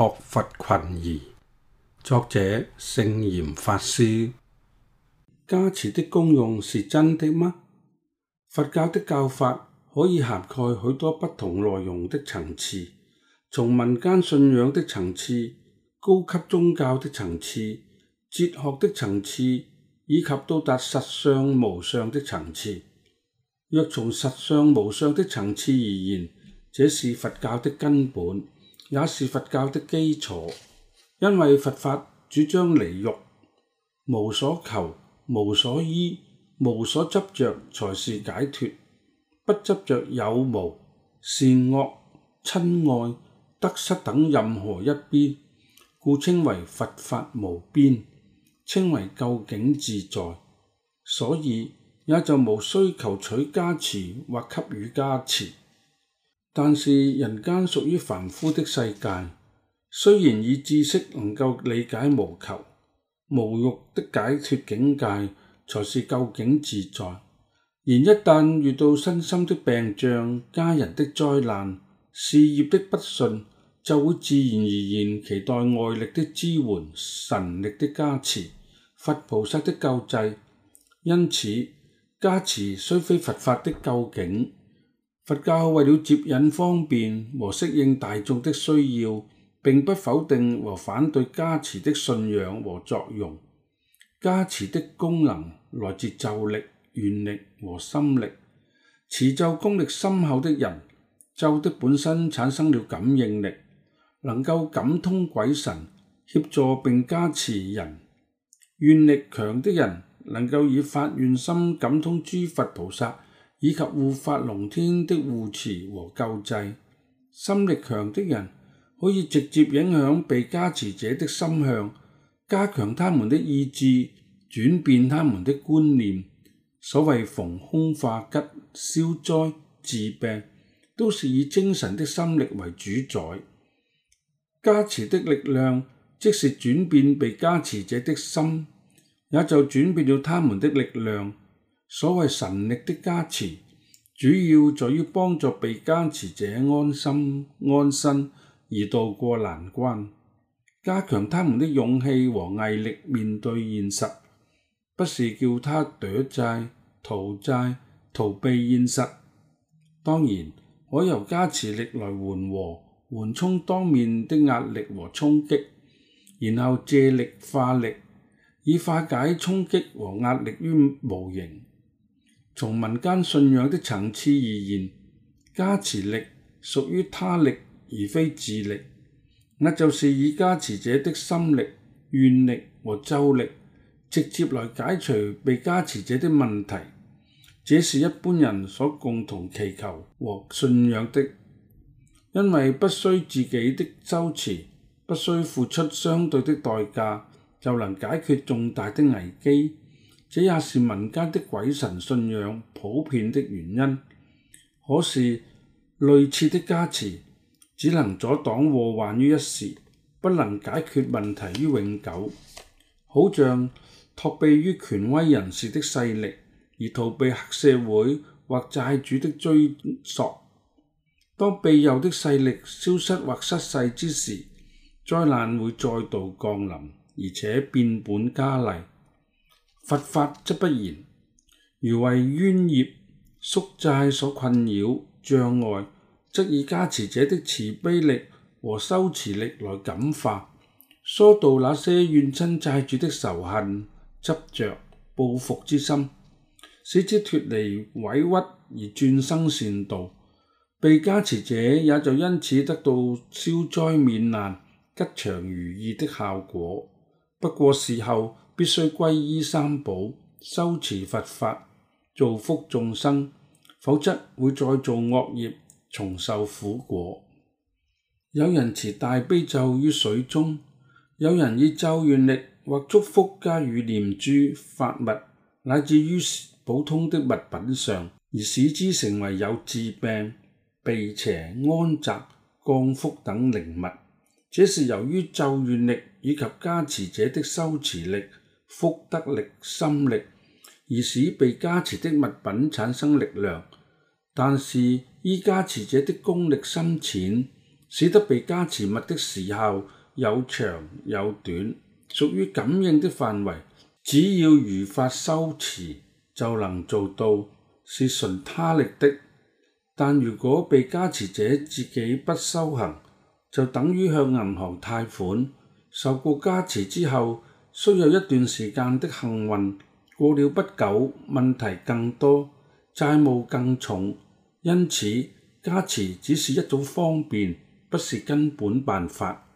學佛群疑，作者聖嚴法師。加持的功用是真的嗎？佛教的教法可以涵蓋許多不同內容的層次，從民間信仰的層次、高級宗教的層次、哲學的層次，以及到達實相無相的層次。若從實相無相的層次而言，這是佛教的根本，也是佛教的基礎，因為佛法主張離欲，無所求、無所依、無所執着，才是解脫。不執着有無、善惡、親愛、得失等任何一邊，故稱為佛法無邊，稱為究竟自在。所以也就無需求取加持或給予加持。但是人間屬於凡夫的世界，雖然以知識能夠理解無求、無慾的解脱境界才是究竟自在，然一旦遇到身心的病障、家人的災難、事業的不順，就會自然而然期待外力的支援、神力的加持、佛菩薩的救濟。因此，加持雖非佛法的究竟。佛教為了接引方便和適應大眾的需要，並不否定和反對加持的信仰和作用。加持的功能來自咒力、願力和心力。持咒功力深厚的人，咒的本身產生了感應力，能夠感通鬼神，協助並加持人。願力強的人，能夠以發願心感通諸佛菩薩。以及護法龍天的護持和救濟，心力強的人可以直接影響被加持者的心向，加強他們的意志，轉變他們的觀念。所謂逢凶化吉、消災治病，都是以精神的心力為主宰。加持的力量，即是轉變被加持者的心，也就轉變了他們的力量。所謂神力的加持，主要在於幫助被加持者安心、安身而渡過難關，加強他們的勇氣和毅力面對現實，不是叫他躲債、逃債、逃避現實。當然，可由加持力來緩和、緩衝當面的壓力和衝擊，然後借力化力，以化解衝擊和壓力於無形。從民間信仰的層次而言，加持力屬於他力而非自力，那就是以加持者的心力、願力和咒力，直接來解除被加持者的問題。這是一般人所共同祈求和信仰的，因為不需自己的咒詞，不需付出相對的代價，就能解決重大的危機。這也是民間的鬼神信仰普遍的原因。可是，類似的加持只能阻擋禍患於一時，不能解決問題於永久。好像托庇於權威人士的勢力，而逃避黑社會或債主的追索。當庇佑的勢力消失或失勢之時，災難會再度降臨，而且變本加厲。佛法則不然，如為冤孽、宿債所困擾、障礙，則以加持者的慈悲力和修持力來感化，疏導那些怨親債主的仇恨、執着、報復之心，使之脫離委屈而轉生善道，被加持者也就因此得到消災免難、吉祥如意的效果。不過事後，必須皈依三寶，修持佛法，造福眾生，否則會再造惡業，重受苦果。有人持大悲咒於水中，有人以咒願力或祝福加於念珠、法物，乃至於普通的物品上，而使之成為有治病、避邪、安宅、降福等靈物。這是由於咒願力以及加持者的修持力。福德力、心力而使被加持的物品產生力量，但是依加持者的功力深淺，使得被加持物的時候有長有短，屬於感應的範圍。只要如法修持就能做到，是純他力的。但如果被加持者自己不修行，就等於向銀行貸款，受過加持之後。需要一段時間的幸運，過了不久問題更多，債務更重，因此加持只是一種方便，不是根本辦法。